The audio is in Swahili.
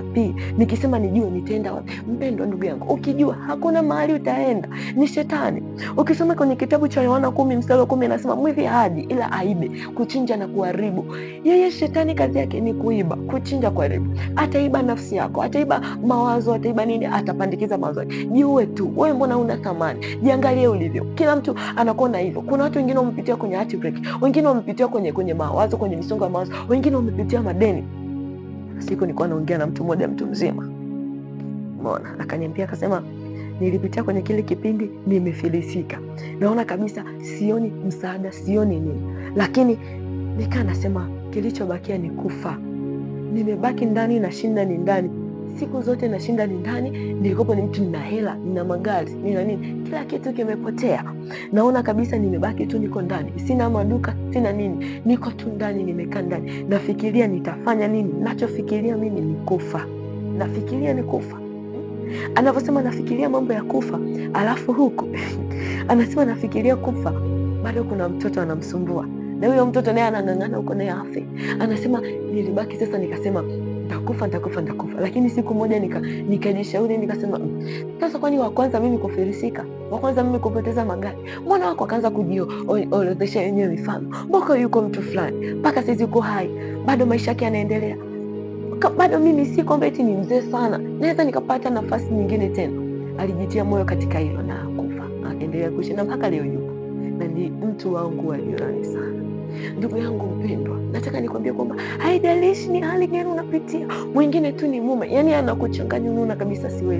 wapi? Nikisema nijue nitaenda wapi? Mpendwa ndugu yangu, ukijua hakuna mahali utaenda, ni shetani. Ukisoma kwenye kitabu cha Yohana kumi mstari wa kumi anasema mwivi hadi ila aibe, kuchinja na kuharibu. Yeye shetani kazi yake ni kuiba, kuchinja, kuharibu. Ataiba nafsi yako, ataiba mawazo, ataiba nini, atapandikiza mawazo yake. Jiue tu wewe, mbona una thamani? Jiangalie ulivyo. Kila mtu anakuona hivyo. Kuna watu wengine wamepitia kwenye wengine wamepitia kwenye kwenye mawazo, kwenye misongo ya mawazo, wengine wamepitia madeni siku nilikuwa naongea na mtu mmoja, mtu mzima, mona akaniambia akasema, nilipitia kwenye kile kipindi, nimefilisika, naona kabisa sioni msaada, sioni nini, lakini nikaa nasema kilichobakia ni kufa. Nimebaki ndani na shinda ni ndani siku zote nashinda ni ndani, nilikopo ni mtu, nina hela, nina magari, nina nini, kila kitu kimepotea. Naona kabisa nimebaki tu, niko ndani, sina maduka, sina nini, niko tu ndani, nimekaa ndani, nafikiria nitafanya nini. Nachofikiria mimi ni kufa, nafikiria ni kufa anavyosema nafikiria mambo ya kufa, alafu huku anasema nafikiria kufa, bado kuna mtoto anamsumbua, na huyo mtoto naye anang'ang'ana huko, naye afe. Anasema nilibaki sasa, nikasema ntakufa ntakufa ntakufa lakini siku moja nikajishauri nika nikasema, mm, sasa kwani wa kwanza mimi kufirisika, wa kwanza mimi kupoteza magari? Mbona wako akaanza kujiorodhesha wenyewe mifano, mboko yuko mtu fulani mpaka sizi uko hai bado, maisha yake yanaendelea bado. Mimi si kwamba eti ni mzee sana, naweza nikapata nafasi nyingine tena. Alijitia moyo katika hilo na akufa, akaendelea kuishi na mpaka leo yupo na ni mtu wangu wa jirani sana, ndugu yangu mpendwa nataka nikwambie kwamba haidalishi ni hali gani unapitia, mwingine tu ni mume, yani anakuchanganya unaona kabisa siwezi